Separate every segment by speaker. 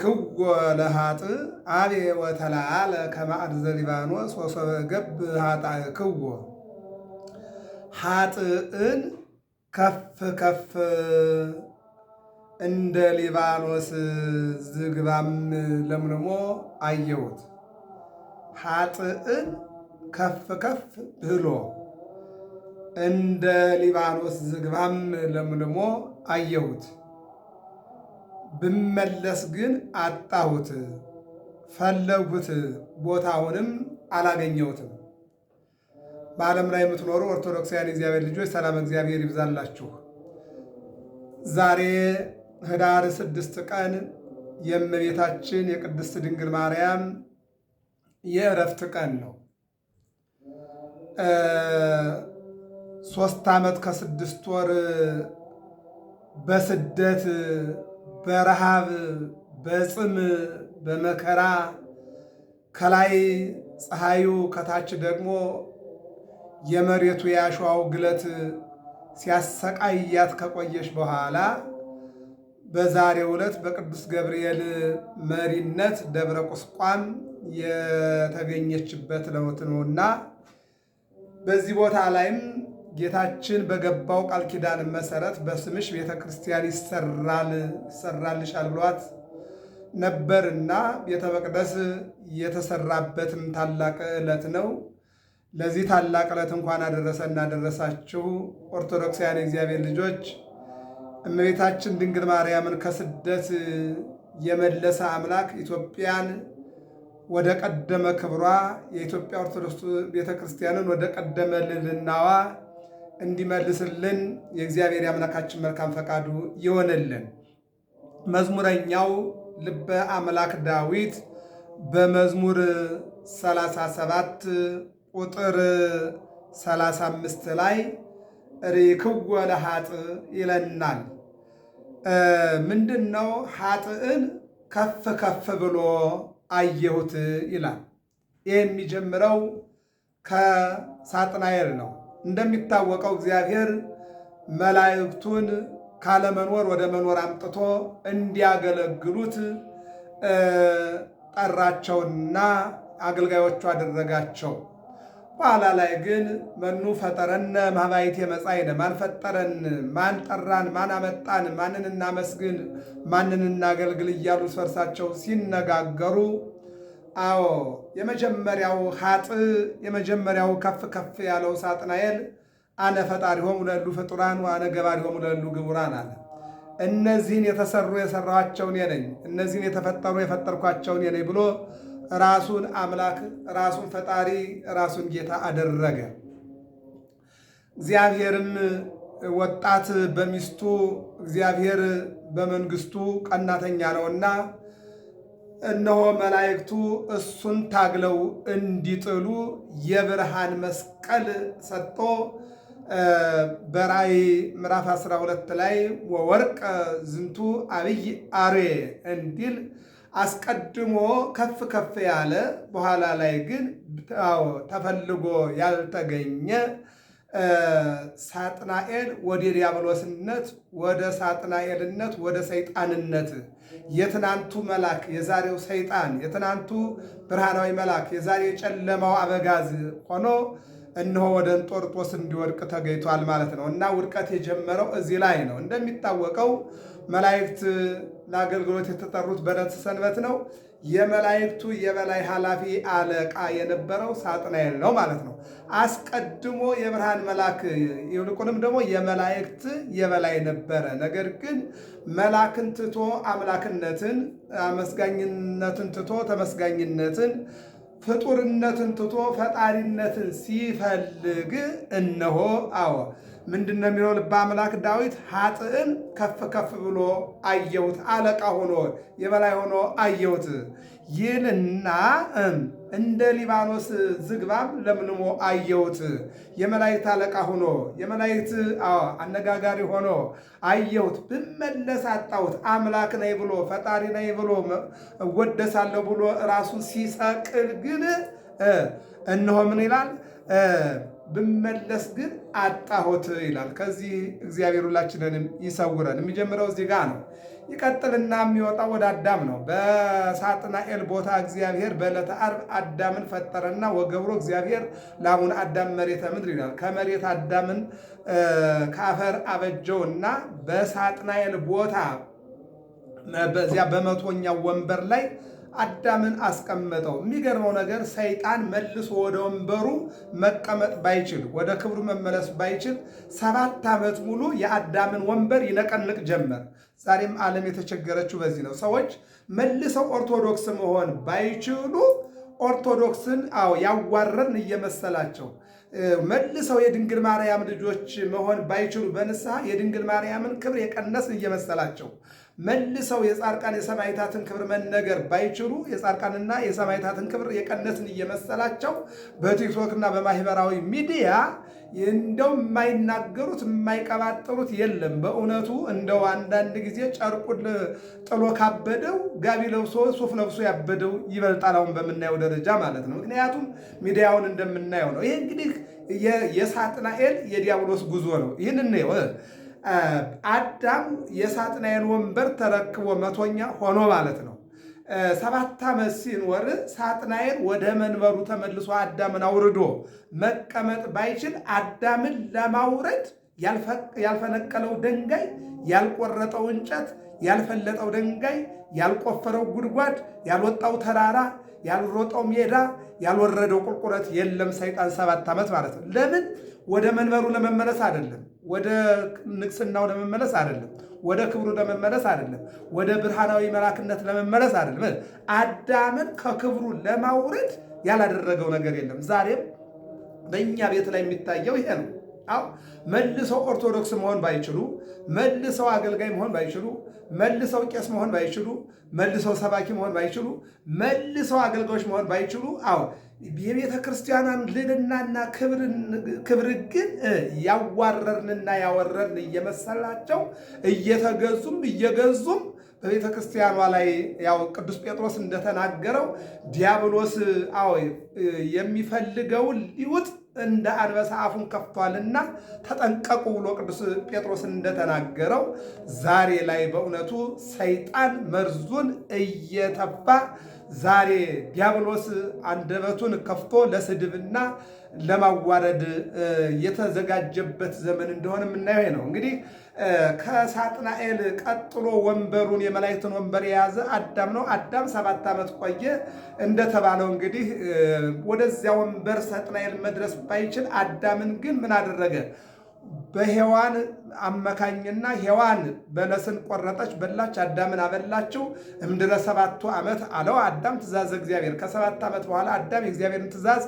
Speaker 1: ክወ ለሃጥ አቤ ወተላዓለ ከማዕድ ዘሊባኖስ ወሶበገብ ኃጣክዎ ኃጥእን ከፍ ከፍ እንደ ሊባኖስ ዝግባም ለምልሞ አየሁት። ሃጥእን ከፍ ከፍ ብሎ እንደ ሊባኖስ ዝግባም ለምልሞ አየሁት። ብመለስ ግን አጣሁት፣ ፈለጉት፣ ቦታውንም አላገኘሁትም። በዓለም ላይ የምትኖሩ ኦርቶዶክሳውያን እግዚአብሔር ልጆች ሰላም እግዚአብሔር ይብዛላችሁ። ዛሬ ህዳር ስድስት ቀን የእመቤታችን የቅድስት ድንግል ማርያም የእረፍት ቀን ነው። ሶስት ዓመት ከስድስት ወር በስደት በረሃብ በጽም በመከራ ከላይ ፀሐዩ ከታች ደግሞ የመሬቱ የአሸዋው ግለት ሲያሰቃያት ከቆየች በኋላ በዛሬው ዕለት በቅዱስ ገብርኤል መሪነት ደብረ ቁስቋም የተገኘችበት ለውት ነውና በዚህ ቦታ ላይም ጌታችን በገባው ቃል ኪዳን መሰረት በስምሽ ቤተ ክርስቲያን ይሰራልሻል ብሏት ነበርና ቤተ መቅደስ የተሰራበትም ታላቅ ዕለት ነው። ለዚህ ታላቅ ዕለት እንኳን አደረሰና አደረሳችሁ። ኦርቶዶክሳውያን የእግዚአብሔር ልጆች እመቤታችን ድንግል ማርያምን ከስደት የመለሰ አምላክ ኢትዮጵያን ወደ ቀደመ ክብሯ የኢትዮጵያ ኦርቶዶክስ ቤተ ክርስቲያንን ወደ ቀደመ ልልናዋ እንዲመልስልን የእግዚአብሔር አምላካችን መልካም ፈቃዱ ይሆንልን። መዝሙረኛው ልበ አምላክ ዳዊት በመዝሙር 37 ቁጥር 35 ላይ ሪክወ ሀጥ ይለናል። ምንድን ነው? ሀጥእን ከፍ ከፍ ብሎ አየሁት ይላል። ይህ የሚጀምረው ከሳጥናኤል ነው። እንደሚታወቀው እግዚአብሔር መላእክቱን ካለመኖር ወደ መኖር አምጥቶ እንዲያገለግሉት ጠራቸውና አገልጋዮቹ አደረጋቸው። በኋላ ላይ ግን መኑ ፈጠረነ ማባይቴ መጻእነ፣ ማን ፈጠረን፣ ማን ጠራን፣ ማን አመጣን፣ ማንን እናመስግን፣ ማንን እናገልግል እያሉ እርስ በርሳቸው ሲነጋገሩ አዎ የመጀመሪያው ሀጥ የመጀመሪያው ከፍ ከፍ ያለው ሳጥናኤል አነ ፈጣሪሆሙ ለሉ ፍጡራን ወአነ ገባሪሆሙ ለሉ ግቡራን አለ። እነዚህን የተሰሩ የሰራኋቸው እኔ ነኝ፣ እነዚህን የተፈጠሩ የፈጠርኳቸው እኔ ነኝ ብሎ ራሱን አምላክ ራሱን ፈጣሪ ራሱን ጌታ አደረገ። እግዚአብሔርም ወጣት በሚስቱ እግዚአብሔር በመንግስቱ ቀናተኛ ነውና እነሆ መላእክቱ እሱን ታግለው እንዲጥሉ የብርሃን መስቀል ሰጥቶ በራእይ ምዕራፍ 12 ላይ ወወርቀ ዝንቱ አብይ አርዌ እንዲል አስቀድሞ ከፍ ከፍ ያለ በኋላ ላይ ግን ተፈልጎ ያልተገኘ ሳጥናኤል ወደ ዲያብሎስነት፣ ወደ ሳጥናኤልነት፣ ወደ ሰይጣንነት የትናንቱ መልአክ የዛሬው ሰይጣን፣ የትናንቱ ብርሃናዊ መልአክ የዛሬው የጨለማው አበጋዝ ሆኖ እነሆ ወደ እንጦርጦስ እንዲወድቅ ተገይቷል ማለት ነው። እና ውድቀት የጀመረው እዚህ ላይ ነው። እንደሚታወቀው መላእክት ለአገልግሎት የተጠሩት በዕለተ ሰንበት ነው። የመላእክቱ የበላይ ኃላፊ አለቃ የነበረው ሳጥናኤል ነው ማለት ነው። አስቀድሞ የብርሃን መልአክ ይልቁንም ደግሞ የመላእክት የበላይ ነበረ። ነገር ግን መልአክን ትቶ አምላክነትን፣ አመስጋኝነትን ትቶ ተመስጋኝነትን፣ ፍጡርነትን ትቶ ፈጣሪነትን ሲፈልግ እነሆ አዎ ምንድን ነው የሚለው ልበ አምላክ ዳዊት ሀጥእን ከፍ ከፍ ብሎ አየሁት፣ አለቃ ሆኖ የበላይ ሆኖ አየሁት ይልና እንደ ሊባኖስ ዝግባም ለምልሞ አየሁት። የመላእክት አለቃ ሆኖ የመላእክት አነጋጋሪ ሆኖ አየሁት። ብመለስ አጣሁት። አምላክ ነኝ ብሎ ፈጣሪ ነኝ ብሎ እወደሳለሁ ብሎ ራሱን ሲሰቅል ግን እነሆ ምን ይላል? ብመለስ ግን አጣሁት ይላል። ከዚህ እግዚአብሔር ሁላችንንም ይሰውረን። የሚጀምረው እዚህ ጋር ነው። ይቀጥልና የሚወጣው ወደ አዳም ነው። በሳጥናኤል ቦታ እግዚአብሔር በዕለተ ዓርብ አዳምን ፈጠረና ወገብሮ እግዚአብሔር ላሙን አዳም መሬተ ምድር ይላል። ከመሬት አዳምን ከአፈር አበጀውና በሳጥናኤል ቦታ በዚያ በመቶኛው ወንበር ላይ አዳምን አስቀመጠው። የሚገርመው ነገር ሰይጣን መልሶ ወደ ወንበሩ መቀመጥ ባይችል ወደ ክብሩ መመለስ ባይችል ሰባት ዓመት ሙሉ የአዳምን ወንበር ይነቀንቅ ጀመር። ዛሬም ዓለም የተቸገረችው በዚህ ነው። ሰዎች መልሰው ኦርቶዶክስ መሆን ባይችሉ ኦርቶዶክስን አዎ ያዋረን እየመሰላቸው መልሰው የድንግል ማርያም ልጆች መሆን ባይችሉ በንስሐ የድንግል ማርያምን ክብር የቀነስን እየመሰላቸው መልሰው የጻርቃን የሰማዕታትን ክብር መነገር ባይችሉ የጻርቃንና የሰማዕታትን ክብር የቀነስን እየመሰላቸው በቲክቶክና በማህበራዊ ሚዲያ እንደው የማይናገሩት የማይቀባጠሩት የለም። በእውነቱ እንደው አንዳንድ ጊዜ ጨርቁን ጥሎ ካበደው ጋቢ ለብሶ ሱፍ ለብሶ ያበደው ይበልጣል፣ አሁን በምናየው ደረጃ ማለት ነው። ምክንያቱም ሚዲያውን እንደምናየው ነው። ይህ እንግዲህ የሳጥናኤል የዲያብሎስ ጉዞ ነው። ይህን አዳም የሳጥናኤል ወንበር ተረክቦ መቶኛ ሆኖ ማለት ነው። ሰባት ዓመት ሲኖር ሳጥናኤል ወደ መንበሩ ተመልሶ አዳምን አውርዶ መቀመጥ ባይችል አዳምን ለማውረድ ያልፈነቀለው ድንጋይ፣ ያልቆረጠው እንጨት፣ ያልፈለጠው ድንጋይ፣ ያልቆፈረው ጉድጓድ፣ ያልወጣው ተራራ፣ ያልሮጠው ሜዳ፣ ያልወረደው ቁልቁረት የለም። ሰይጣን ሰባት ዓመት ማለት ነው። ለምን ወደ መንበሩ ለመመለስ አይደለም ወደ ንቅስናው ለመመለስ አይደለም፣ ወደ ክብሩ ለመመለስ አይደለም፣ ወደ ብርሃናዊ መላክነት ለመመለስ አይደለም። አዳምን ከክብሩ ለማውረድ ያላደረገው ነገር የለም። ዛሬም በእኛ ቤት ላይ የሚታየው ይሄ ነው። አው መልሰው ኦርቶዶክስ መሆን ባይችሉ መልሰው አገልጋይ መሆን ባይችሉ መልሰው ቄስ መሆን ባይችሉ መልሰው ሰባኪ መሆን ባይችሉ መልሰው አገልጋዮች መሆን ባይችሉ አው የቤተ ክርስቲያኗን ክብር ግን ያዋረርንና ያወረርን እየመሰላቸው እየተገዙም እየገዙም በቤተ ክርስቲያኗ ላይ ያው ቅዱስ ጴጥሮስ እንደተናገረው ዲያብሎስ አዎ የሚፈልገውን ሊውጥ እንደ አንበሳ አፉን ከፍቷልና ተጠንቀቁ ብሎ ቅዱስ ጴጥሮስ እንደተናገረው ዛሬ ላይ በእውነቱ ሰይጣን መርዙን እየተፋ ዛሬ ዲያብሎስ አንደበቱን ከፍቶ ለስድብና ለማዋረድ የተዘጋጀበት ዘመን እንደሆነ የምናየው ነው እንግዲህ ከሳጥናኤል ቀጥሎ ወንበሩን የመላእክትን ወንበር የያዘ አዳም ነው። አዳም ሰባት ዓመት ቆየ እንደተባለው እንግዲህ ወደዚያ ወንበር ሳጥናኤል መድረስ ባይችል አዳምን ግን ምን አደረገ? በሔዋን አመካኝና ሔዋን በለስን ቆረጠች፣ በላች፣ አዳምን አበላችው። እምድረ ሰባቱ ዓመት አለው አዳም ትእዛዝ እግዚአብሔር ከሰባት ዓመት በኋላ አዳም የእግዚአብሔርን ትእዛዝ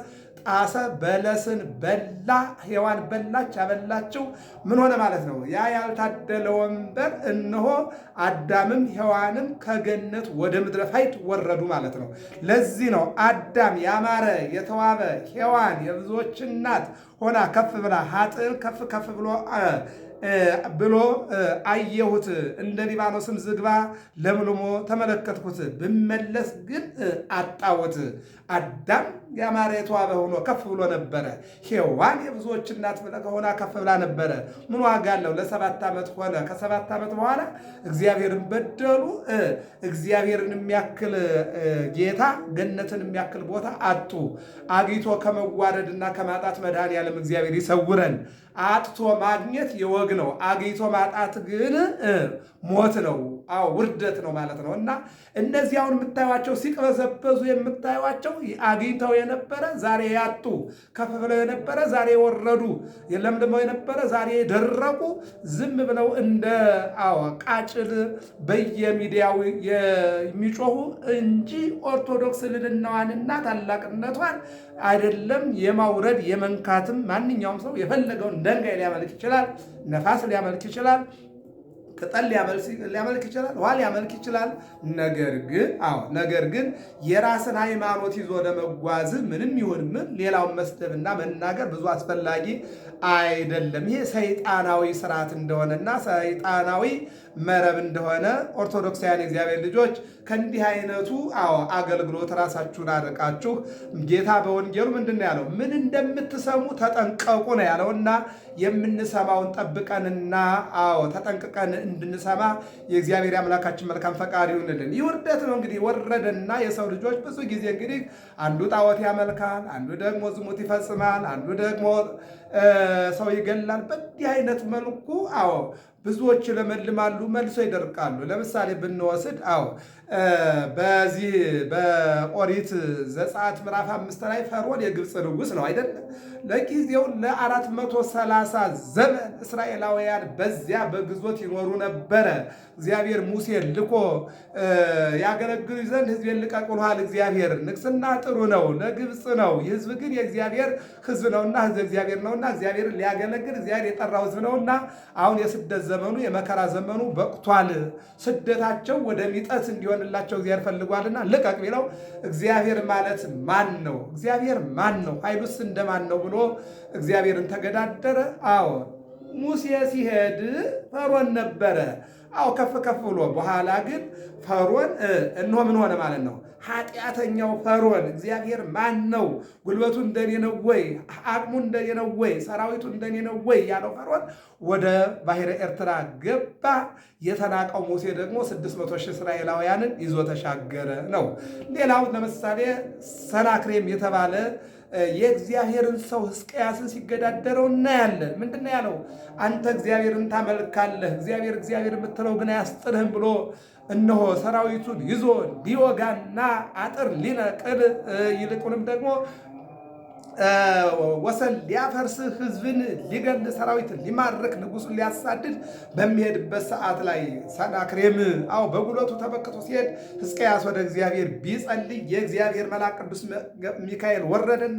Speaker 1: አሰ በለስን በላ፣ ሔዋን በላች አበላችው። ምን ሆነ ማለት ነው? ያ ያልታደለ ወንበር እነሆ አዳምም ሔዋንም ከገነት ወደ ምድረ ፋይት ወረዱ ማለት ነው። ለዚህ ነው አዳም ያማረ የተዋበ ሔዋን የብዙዎች እናት ሆና ከፍ ብላ ሀጥን ከፍ ከፍ ብሎ ብሎ አየሁት እንደ ሊባኖስም ዝግባ ለምልሞ ተመለከትኩት፣ ብመለስ ግን አጣሁት። አዳም ያማረ የተዋበ ሆኖ ከፍ ብሎ ነበረ። ሔዋን የብዙዎች እናት ሆና ከፍ ብላ ነበረ። ምን ዋጋ አለው? ለሰባት ዓመት ሆነ። ከሰባት ዓመት በኋላ እግዚአብሔርን በደሉ። እግዚአብሔርን የሚያክል ጌታ ገነትን የሚያክል ቦታ አጡ። አግኝቶ ከመዋረድና ከማጣት መድኃኔዓለም እግዚአብሔር ይሰውረን። አጥቶ ማግኘት የወግ ነው። አግኝቶ ማጣት ግን ሞት ነው። አዎ ውርደት ነው ማለት ነው። እና እነዚህ አሁን የምታዩቸው ሲቅበዘበዙ የምታዩቸው አግኝተው የነበረ ዛሬ ያጡ፣ ከፍ ብለው የነበረ ዛሬ ወረዱ ለምልመው የነበረ ዛሬ የደረቁ፣ ዝም ብለው እንደ ቃጭል በየሚዲያው የሚጮሁ እንጂ ኦርቶዶክስ ልልናዋንና ታላቅነቷን አይደለም የማውረድ የመንካትም ማንኛውም ሰው የፈለገውን ደንጋይ ሊያመልክ ይችላል፣ ነፋስ ሊያመልክ ይችላል። ቅጠል ሊያመልክ ይችላል፣ ውሃ ሊያመልክ ይችላል። ነገር ግን አዎ ነገር ግን የራስን ሃይማኖት ይዞ ለመጓዝ ምንም ይሁን ምን ሌላውን መስደብና መናገር ብዙ አስፈላጊ አይደለም። ይሄ ሰይጣናዊ ስርዓት እንደሆነና ሰይጣናዊ መረብ እንደሆነ ኦርቶዶክሳውያን እግዚአብሔር ልጆች ከእንዲህ አይነቱ አዎ አገልግሎት ራሳችሁን አርቃችሁ ጌታ በወንጌሉ ምንድን ነው ያለው? ምን እንደምትሰሙ ተጠንቀቁ ነው እና የምንሰማውን ጠብቀንና አዎ ተጠንቅቀን እንድንሰማ የእግዚአብሔር አምላካችን መልካም ፈቃድ ይሁንልን። ይህ ውርደት ነው እንግዲህ ወረደና የሰው ልጆች ብዙ ጊዜ እንግዲህ አንዱ ጣዖት ያመልካል፣ አንዱ ደግሞ ዝሙት ይፈጽማል፣ አንዱ ደግሞ ሰው ይገላል። በዚህ አይነት መልኩ አዎ ብዙዎች ለመልማሉ፣ መልሶ ይደርቃሉ። ለምሳሌ ብንወስድ አዎ በዚህ በኦሪት ዘጸአት ምዕራፍ አምስት ላይ ፈርዖን የግብፅ ንጉሥ ነው አይደለም። ለጊዜው ለአራት መቶ ሰላሳ ዘመን እስራኤላውያን በዚያ በግዞት ይኖሩ ነበረ። እግዚአብሔር ሙሴ ልኮ ያገለግሉ ዘንድ ሕዝቤን ልቀቅ ብሎሃል። እግዚአብሔር ንግሥና ጥሩ ነው ለግብፅ ነው፣ ሕዝብ ግን የእግዚአብሔር ሕዝብ ነውና ሕዝብ እግዚአብሔር ነውና እግዚአብሔርን ሊያገለግል እግዚአብሔር የጠራው ሕዝብ ነውና አሁን የስደት ዘመኑ የመከራ ዘመኑ በቅቷል። ስደታቸው ወደ ሚጠት እንዲሆን እንዲፈጸምላቸው እግዚአብሔር ፈልጓልና ልቀቅ ቢለው እግዚአብሔር ማለት ማን ነው? እግዚአብሔር ማን ነው? ኃይሉስ እንደማን ነው ብሎ እግዚአብሔርን ተገዳደረ። አዎ ሙሴ ሲሄድ ፈሮን ነበረ። አዎ ከፍ ከፍ ብሎ በኋላ ግን ፈሮን እንሆ ምን ሆነ ማለት ነው። ኃጢአተኛው ፈሮን እግዚአብሔር ማን ነው? ጉልበቱ እንደኔ ነው ወይ? አቅሙ እንደኔ ነው ወይ? ሰራዊቱ እንደኔ ነው ወይ? ያለው ፈሮን ወደ ባሕረ ኤርትራ ገባ። የተናቀው ሙሴ ደግሞ ስድስት ሺህ እስራኤላውያንን ይዞ ተሻገረ ነው። ሌላው ለምሳሌ ሰናክሬም የተባለ የእግዚአብሔርን ሰው ሕዝቅያስን ሲገዳደረው እናያለን። ምንድን ነው ያለው? አንተ እግዚአብሔርን ታመልካለህ፣ እግዚአብሔር እግዚአብሔር የምትለው ግን አያስጥልህም ብሎ እነሆ ሰራዊቱን ይዞ ዲዮጋና አጥር ሊነቅል ይልቁንም ደግሞ ወሰን ሊያፈርስ ህዝብን ሊገል ሰራዊትን ሊማርክ ንጉሱን ሊያሳድድ በሚሄድበት ሰዓት ላይ ሰናክሬም አው በጉልበቱ ተመክቶ ሲሄድ ሕዝቅያስ ወደ እግዚአብሔር ቢጸልይ የእግዚአብሔር መልአክ ቅዱስ ሚካኤል ወረደና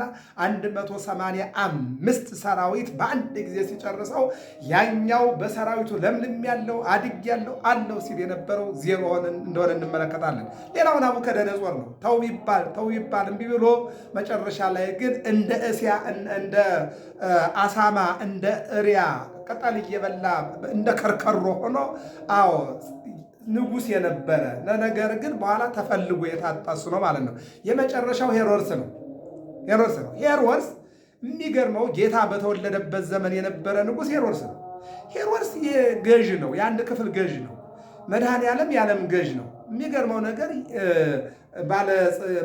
Speaker 1: 185 ሰራዊት በአንድ ጊዜ ሲጨርሰው ያኛው በሰራዊቱ ለምልም ያለው አድግ ያለው አለው ሲል የነበረው ዜሮ እንደሆነ እንመለከታለን። ሌላውን ናቡከደነጾር ነው ተው ይባል ተው ይባል እምቢ ብሎ መጨረሻ ላይ ግን እንደ እስያ እንደ አሳማ እንደ እሪያ ቅጠል እየበላ እንደ ከርከሮ ሆኖ አዎ ንጉስ የነበረ ለነገር ግን በኋላ ተፈልጎ የታጣሱ ነው ማለት ነው። የመጨረሻው ሄሮድስ ነው። ሄሮድስ ነው። ሄሮድስ የሚገርመው ጌታ በተወለደበት ዘመን የነበረ ንጉስ ሄሮድስ ነው። ሄሮድስ ገዥ ነው። የአንድ ክፍል ገዥ ነው። መድኃኔ ዓለም የዓለም ገዥ ነው። የሚገርመው ነገር ባለ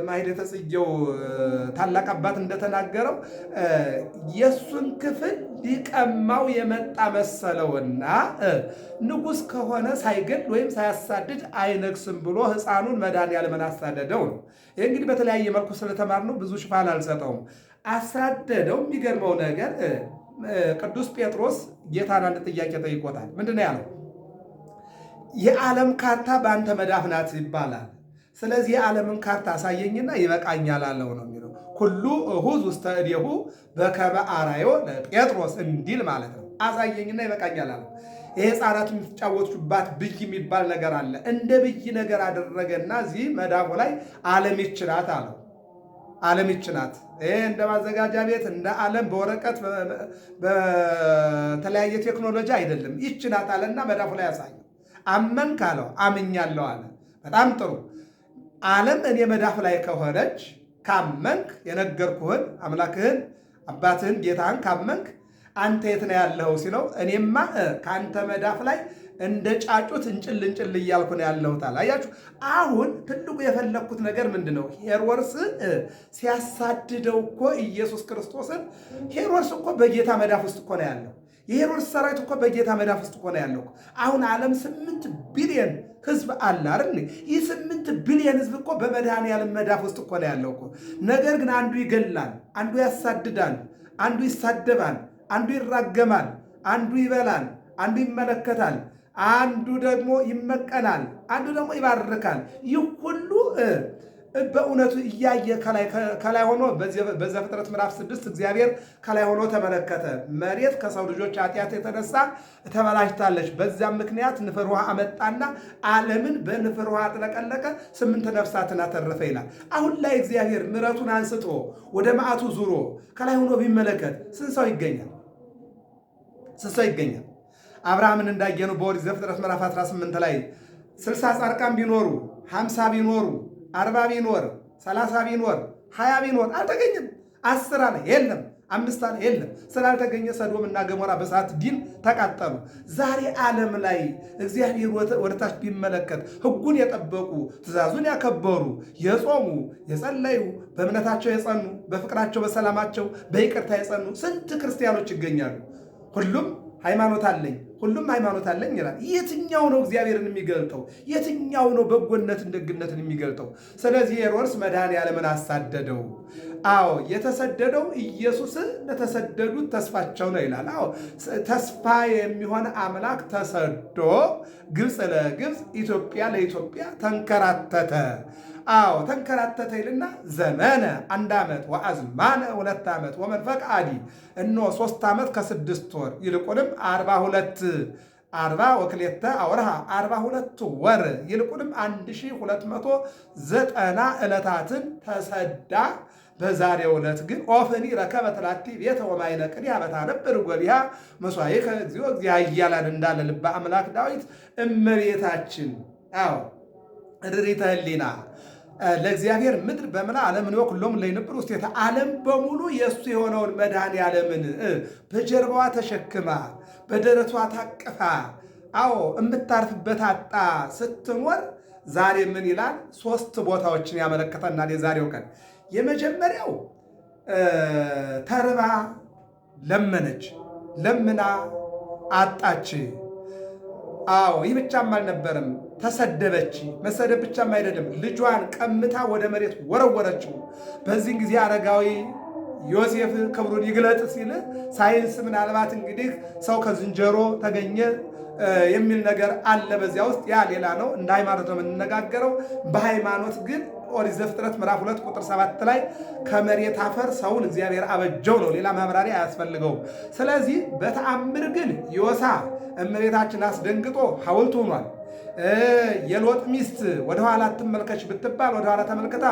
Speaker 1: ማኅሌተ ጽጌው ታላቅ አባት እንደተናገረው የእሱን ክፍል ሊቀማው የመጣ መሰለውና ንጉሥ ከሆነ ሳይገድ ወይም ሳያሳድድ አይነግስም ብሎ ሕፃኑን መድኃኒዓለምን አሳደደው ነው። ይህ እንግዲህ በተለያየ መልኩ ስለተማርነው ብዙ ሽፋን አልሰጠውም። አሳደደው። የሚገርመው ነገር ቅዱስ ጴጥሮስ ጌታን አንድ ጥያቄ ጠይቆታል። ምንድን ነው ያለው? የዓለም ካርታ በአንተ መዳፍ ናት ይባላል። ስለዚህ የዓለምን ካርታ አሳየኝና ይበቃኛል አለው ነው የሚለው ሁሉ እሁዝ ውስተ እዴሁ በከመ አራዮ ለጴጥሮስ እንዲል ማለት ነው። አሳየኝና ይበቃኛል አለው። ይሄ ሕፃናት የሚጫወቱባት ብይ የሚባል ነገር አለ። እንደ ብይ ነገር አደረገና እዚህ መዳፉ ላይ ዓለም ይችላት አለው። ዓለም ይችላት ይሄ እንደ ማዘጋጃ ቤት እንደ ዓለም በወረቀት በተለያየ ቴክኖሎጂ አይደለም። ይችናት አለና መዳፉ ላይ ያሳየ አመንክ አለው። አምኛለሁ አለ። በጣም ጥሩ። ዓለም እኔ መዳፍ ላይ ከሆነች ካመንክ የነገርኩህን አምላክህን አባትህን ጌታህን ካመንክ አንተ የት ነው ያለኸው ሲለው እኔማ ከአንተ መዳፍ ላይ እንደ ጫጩት እንጭል እንጭል እያልኩ ነው ያለሁት አለ። አያችሁ፣ አሁን ትልቁ የፈለግኩት ነገር ምንድን ነው? ሄሮድስ ሲያሳድደው እኮ ኢየሱስ ክርስቶስን ሄሮድስ እኮ በጌታ መዳፍ ውስጥ እኮ ነው ያለው። የሄሮድስ ሰራዊት እኮ በጌታ መዳፍ ውስጥ እኮ ነው ያለው። አሁን ዓለም ስምንት ቢሊየን ህዝብ አለ አይደል? ይህ ስምንት ቢሊየን ህዝብ እኮ በመድኃኒዓለም መዳፍ ውስጥ እኮ ነው ያለው ነገር ግን አንዱ ይገላል፣ አንዱ ያሳድዳል፣ አንዱ ይሳደባል፣ አንዱ ይራገማል፣ አንዱ ይበላል፣ አንዱ ይመለከታል፣ አንዱ ደግሞ ይመቀናል፣ አንዱ ደግሞ ይባርካል። ይህ ሁሉ በእውነቱ እያየ ከላይ ሆኖ በዘፍጥረት ምዕራፍ ስድስት እግዚአብሔር ከላይ ሆኖ ተመለከተ። መሬት ከሰው ልጆች ኃጢአት የተነሳ ተበላሽታለች። በዚያም ምክንያት ንፍር ውሃ አመጣና ዓለምን በንፍር ውሃ አጥለቀለቀ፣ ስምንት ነፍሳትን አተረፈ ይላል። አሁን ላይ እግዚአብሔር ምሕረቱን አንስቶ ወደ መዓቱ ዙሮ ከላይ ሆኖ ቢመለከት ስንት ሰው ይገኛል? ስንት ሰው ይገኛል? አብርሃምን እንዳየኑ በኦሪት ዘፍጥረት ምዕራፍ 18 ላይ ስልሳ ጻድቃን ቢኖሩ ሀምሳ ቢኖሩ አርባ ቢኖር ሰላሳ ቢኖር ሀያ ቢኖር አልተገኘም። አስር አለ የለም፣ አምስት አለ የለም። ስላልተገኘ ሰዶም እና ገሞራ በሰዓት ዲን ተቃጠሉ። ዛሬ ዓለም ላይ እግዚአብሔር ወደታች ቢመለከት ሕጉን የጠበቁ ትእዛዙን ያከበሩ የጾሙ የጸለዩ በእምነታቸው የጸኑ በፍቅራቸው በሰላማቸው በይቅርታ የጸኑ ስንት ክርስቲያኖች ይገኛሉ ሁሉም ሃይማኖት አለኝ፣ ሁሉም ሃይማኖት አለኝ ይላል። የትኛው ነው እግዚአብሔርን የሚገልጠው? የትኛው ነው በጎነትን ደግነትን የሚገልጠው? ስለዚህ ሄሮድስ መድኃኔዓለምን አሳደደው። አዎ የተሰደደው ኢየሱስ ለተሰደዱት ተስፋቸው ነው ይላል። አዎ ተስፋ የሚሆን አምላክ ተሰዶ ግብፅ ለግብፅ ኢትዮጵያ ለኢትዮጵያ ተንከራተተ። አዎ ተንከራተተ ይልና ዘመነ አንድ ዓመት ወአዝማነ ሁለት ዓመት ወመንፈቅ አዲ እኖ ሶስት ዓመት ከስድስት ወር ይልቁንም አርባ ሁለት አርባ ወክሌተ አወርሃ አርባ ሁለት ወር ይልቁንም አንድ ሺህ ሁለት መቶ ዘጠና ዕለታትን ተሰዳ። በዛሬው ዕለት ግን ኦፍኒ ረከበ ትላቲ ቤተ ያበታ ነበር ጎሊሃ መስዋዕከ እግዚኦ እግዚአ እያለን እንዳለ ልበ አምላክ ዳዊት እመቤታችን አዎ እርሪተ ህሊና ለእግዚአብሔር ምድር በምላ ዓለምን ወክሎም ለይነብር ውስጥ ዓለም በሙሉ የእሱ የሆነውን መድኃኔ ዓለምን በጀርባዋ ተሸክማ በደረቷ ታቅፋ አዎ እምታርፍበት አጣ ስትኖር ዛሬ ምን ይላል? ሶስት ቦታዎችን ያመለክተናል። የዛሬው ቀን የመጀመሪያው ተርባ ለመነች፣ ለምና አጣች። አዎ ይህ ብቻም አልነበረም። ተሰደበች። መሰደብ ብቻም አይደለም፣ ልጇን ቀምታ ወደ መሬት ወረወረችው። በዚህን ጊዜ አረጋዊ ዮሴፍ ክብሩን ይግለጥ ሲል ሳይንስ ምናልባት እንግዲህ ሰው ከዝንጀሮ ተገኘ የሚል ነገር አለ በዚያ ውስጥ። ያ ሌላ ነው፣ እንደ ሃይማኖት ነው የምንነጋገረው። በሃይማኖት ግን ኦሪት ዘፍጥረት ምዕራፍ ሁለት ቁጥር ሰባት ላይ ከመሬት አፈር ሰውን እግዚአብሔር አበጀው ነው። ሌላ ማብራሪያ አያስፈልገውም። ስለዚህ በተአምር ግን ዮሳ እመቤታችን አስደንግጦ ሐውልት ሆኗል። የሎጥ ሚስት ወደኋላ ትመልከች ብትባል ወደኋላ ተመልክታ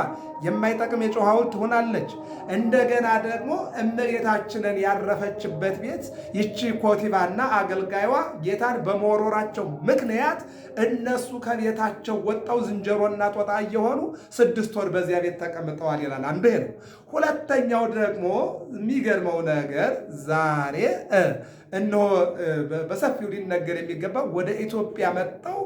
Speaker 1: የማይጠቅም የጨው ትሆናለች። እንደገና ደግሞ እመቤታችንን ያረፈችበት ቤት ይቺ ኮቲባና አገልጋይዋ ጌታን በመወረራቸው ምክንያት እነሱ ከቤታቸው ወጣው ዝንጀሮና ጦጣ እየሆኑ ስድስት ወር በዚያ ቤት ተቀምጠዋል ይላል። አንዱ ነው። ሁለተኛው ደግሞ የሚገርመው ነገር ዛሬ እነሆ በሰፊው ሊነገር የሚገባው ወደ ኢትዮጵያ መጥተው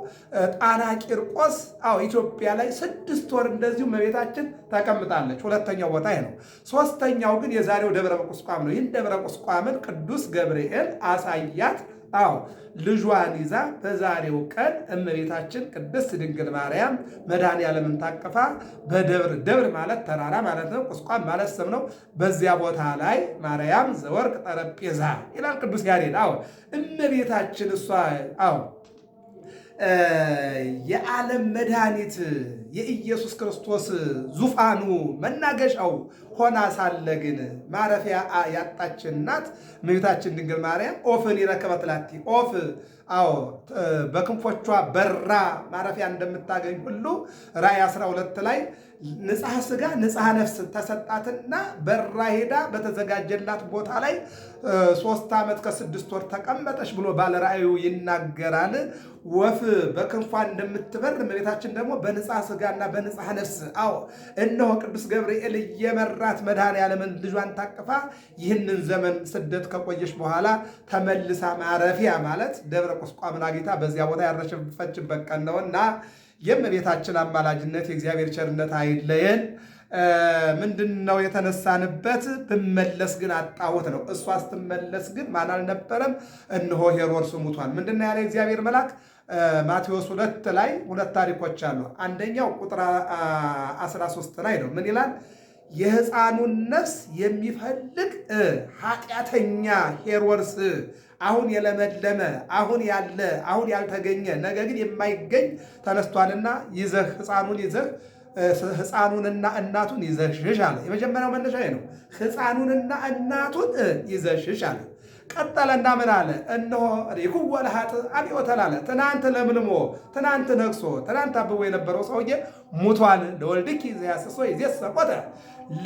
Speaker 1: ጣና ቂርቆስ አዎ ኢትዮጵያ ላይ ስድስት ወር እንደዚሁ መቤታችን ተቀምጣለች። ሁለተኛው ቦታ ይሄ ነው። ሶስተኛው ግን የዛሬው ደብረ ቁስቋም ነው። ይህን ደብረ ቁስቋምን ቅዱስ ገብርኤል አሳያት። አዎ ልጇን ይዛ በዛሬው ቀን እመቤታችን ቅድስት ድንግል ማርያም መድኃኔዓለምን ታቅፋ በደብር ደብር ማለት ተራራ ማለት ነው። ቁስቋም ማለት ስም ነው። በዚያ ቦታ ላይ ማርያም ዘወርቅ ጠረጴዛ ይላል ቅዱስ ያሬድ። አዎ እመቤታችን እሷ አዎ የዓለም መድኃኒት የኢየሱስ ክርስቶስ ዙፋኑ መናገሻው ሆና ሳለ ግን ማረፊያ ያጣች እናት እመቤታችን ድንግል ማርያም ኦፍን ይረከበት ላቲ ኦፍ አዎ በክንፎቿ በራ ማረፊያ እንደምታገኝ ሁሉ ራእይ 12 ላይ ንጽሐ ስጋ ንጽሐ ነፍስ ተሰጣትና በራ ሄዳ በተዘጋጀላት ቦታ ላይ ሶስት ዓመት ከስድስት ወር ተቀመጠች ብሎ ባለ ራእዩ ይናገራል። ወፍ በክንፏ እንደምትበር እመቤታችን ደግሞ በንጽሐ ሥጋ ስጋና በንጽሐ ነፍስ። አዎ እነሆ ቅዱስ ገብርኤል እየመራት መድኃኔዓለምን ልጇን ታቅፋ ይህንን ዘመን ስደት ከቆየች በኋላ ተመልሳ ማረፊያ ማለት ደብረ ቁስቋምን አግኝታ በዚያ ቦታ ያረፈችበት ቀን ነውና የእመቤታችን አማላጅነት የእግዚአብሔር ቸርነት አይለየን። ምንድን ነው የተነሳንበት? ብመለስ ግን አጣሁት ነው። እሷ ስትመለስ ግን ማን አልነበረም? እነሆ ሄሮድስ ሙቷል። ምንድን ያለ እግዚአብሔር መልአክ ማቴዎስ ሁለት ላይ ሁለት ታሪኮች አሉ። አንደኛው ቁጥር 13 ላይ ነው። ምን ይላል? የህፃኑን ነፍስ የሚፈልግ ኃጢአተኛ ሄሮድስ አሁን የለመለመ አሁን ያለ አሁን ያልተገኘ ነገ ግን የማይገኝ ተነስቷልና ይዘህ ህፃኑን ይዘህ ህፃኑንና እናቱን ይዘሽሽ አለ። የመጀመሪያው መነሻ ነው። ህፃኑንና እናቱን ይዘሽሽ አለ። ቀጠለና ምን አለ? እነሆ ሪኩወ ለኃጥእ አብዮተል አለ። ትናንት ለምልሞ፣ ትናንት ነቅሶ፣ ትናንት አብቦ የነበረው ሰውዬ ሙቷል። ለወልድኪ ዘያስሶ ይዜሰ ሞተ።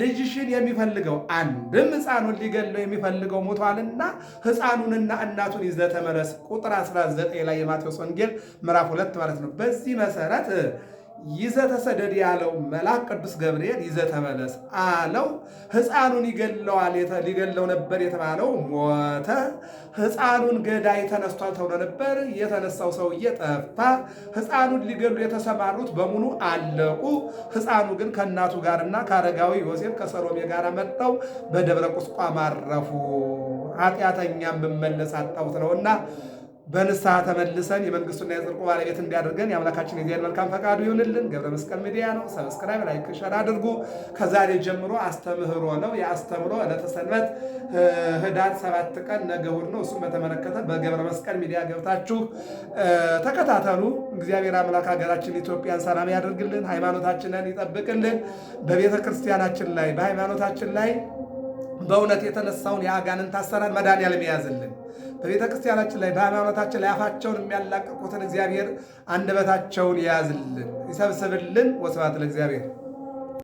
Speaker 1: ልጅሽን የሚፈልገው አንድም ህፃኑን ሊገለው የሚፈልገው ሞቷልና ህፃኑንና እናቱን ይዘህ ተመለስ። ቁጥር 19 ላይ የማቴዎስ ወንጌል ምዕራፍ ሁለት ማለት ነው። በዚህ መሰረት ይዘተሰደድ ያለው መልአክ ቅዱስ ገብርኤል ይዘተበለስ አለው። ሕፃኑን ይገለዋል ሊገለው ነበር የተባለው ሞተ። ሕፃኑን ገዳይ ተነስቷል ተብሎ ነበር። የተነሳው ሰውዬ ጠፋ። ሕፃኑን ሊገሉ የተሰማሩት በሙሉ አለቁ። ሕፃኑ ግን ከእናቱ ጋርና ከአረጋዊ ዮሴፍ ከሰሎሜ ጋር መጥተው በደብረ ቁስቋም አረፉ። ኃጢአተኛም ብመለስ አጣሁት ነውና በንስሐ ተመልሰን የመንግስቱና የጽድቁ ባለቤት እንዲያደርገን የአምላካችን የዚያን መልካም ፈቃዱ ይሁንልን። ገብረ መስቀል ሚዲያ ነው። ሰብስክራይብ፣ ላይክ፣ ሸር አድርጉ። ከዛሬ ጀምሮ አስተምህሮ ነው። የአስተምሮ ዕለተ ሰንበት ህዳር ሰባት ቀን ነገ እሑድ ነው። እሱም በተመለከተ በገብረ መስቀል ሚዲያ ገብታችሁ ተከታተሉ። እግዚአብሔር አምላክ ሀገራችን ኢትዮጵያን ሰላም ያደርግልን፣ ሃይማኖታችንን ይጠብቅልን። በቤተ ክርስቲያናችን ላይ በሃይማኖታችን ላይ በእውነት የተነሳውን የአጋንንት አሰራር መድኃኔዓለም ያዝልን። በቤተ ክርስቲያናችን ላይ በሃይማኖታችን ላይ አፋቸውን የሚያላቅቁትን እግዚአብሔር አንደበታቸውን የያዝልን ይሰብስብልን። ወስብሐት ለእግዚአብሔር።